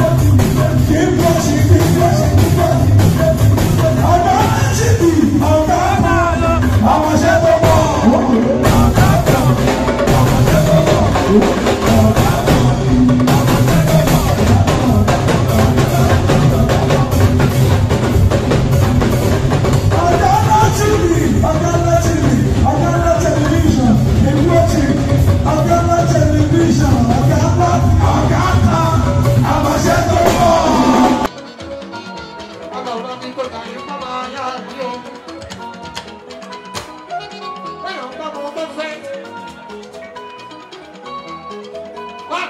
Give us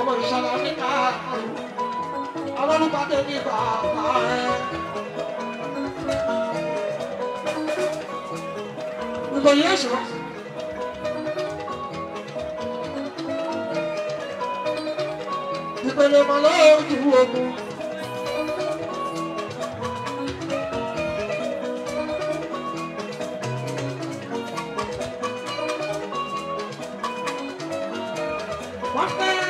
ọmọ ìṣàlá níta ọlọ́run bá dé ní bàbá rẹ. ìròyìn ẹ̀ṣọ́. ìpele mọ̀ lójú ogun. Wọ́n fẹ́.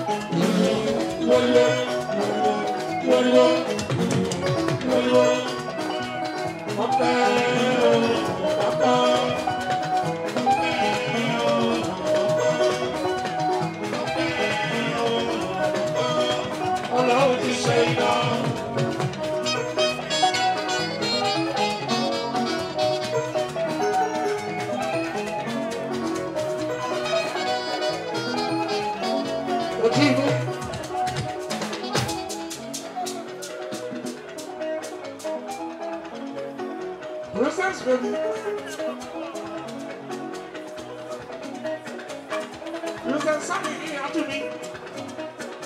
Brussels, baby. Brussels, something here to me.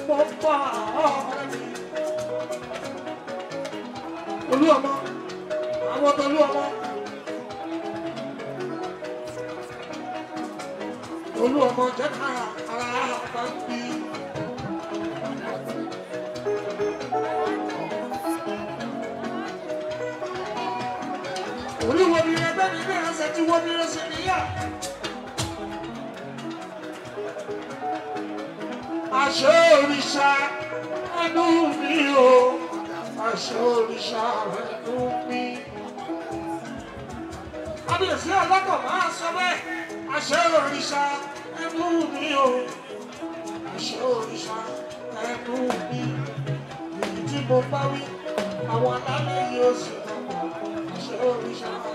Papa, Olúọmọ, àwọn Oh. Olúọmọ. Olúọmọ jẹ́ ká ara ara bá bí. méjì wo ni lè ṣe níyà. àṣẹ òrìṣà ẹnu mi o àṣẹ òrìṣà ẹnu mi. kábíyèsí ọlọ́kọ̀ máa sọ bẹ́ẹ̀ àṣẹ òrìṣà ẹnu mi o àṣẹ òrìṣà ẹnu mi. èyí tí mo bá wí àwọn alálẹ̀ yìí ó sì tọ̀pọ̀ àṣẹ òrìṣà ẹnu mi.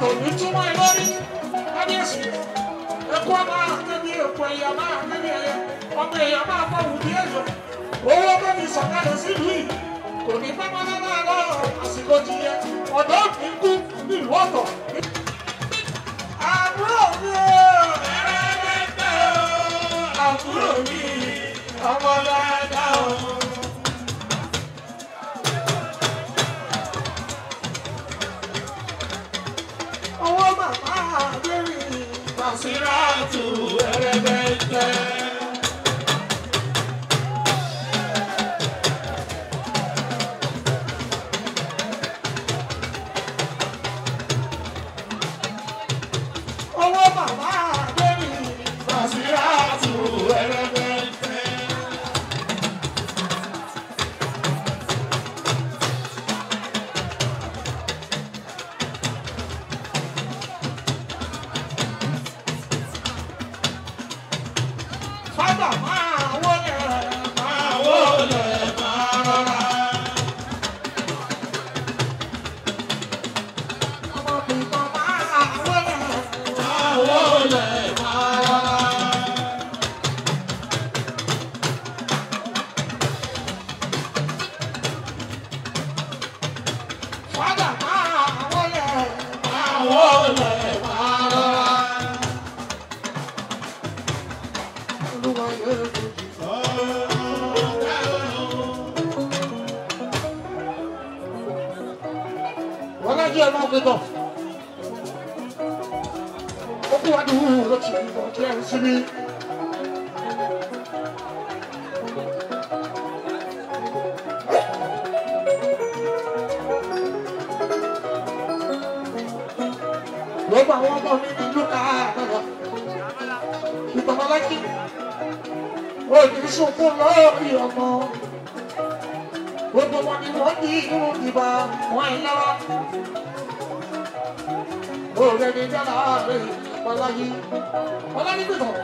kò ní túmọ̀ ẹ lórí kábíyèsí ẹkú ọmọ àtẹbí èkó ẹ̀yà máa àtẹbí ẹ̀yà ọmọ ẹ̀yà máa bọ̀ wù bí ẹ̀yọ owó bẹ́ẹ̀ ni sọ̀kalẹ̀ sílùú yìí kò ní pẹ́ lọ àsìkò ti yẹ ọ̀dọ́ òkè ń kú nílùú ọ̀tọ̀. àbúrò mi ò o àbúrò mi ọmọ dáadáa o. out to ọlájú ẹ máa gbé bọ̀. ó kú wá ní hùhù ló ti bọ̀ kí ẹ ń sinmi. gbogbo àwọn ọmọ mi ní ìlú ká àbọ̀wọ̀. ìbọ̀wọ̀ lájú. ó ní gbogbo wọn ni wọ́n oh irú ìbọn wọn ń lọ́wọ́. Oh ni jọlá rẹ̀ ọláyé ọláyé gbìmọ̀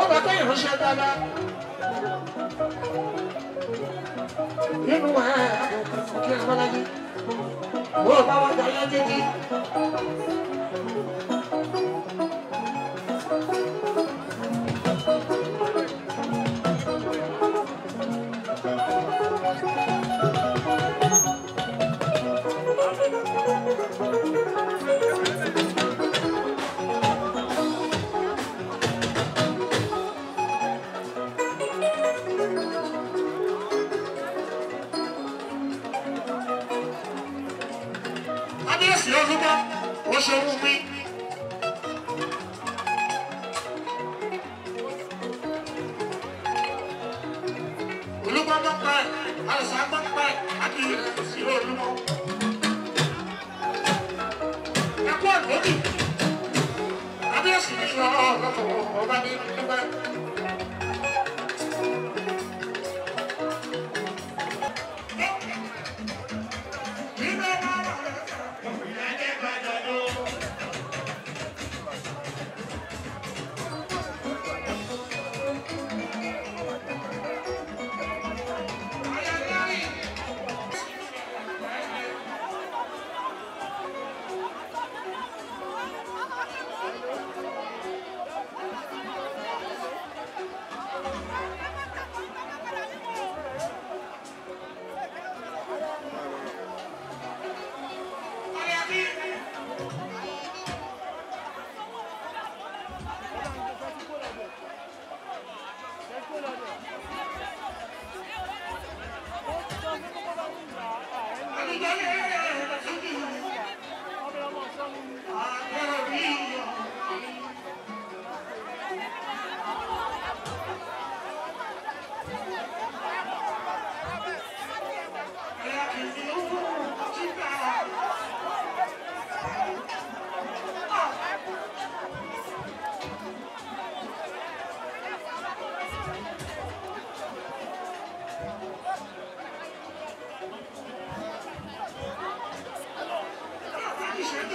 ó bẹ Oh ìránṣẹ́ dáadáa nínú ẹ̀ kí ẹ ọláyé ó bá wọn jà yẹn títí.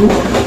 Ooh.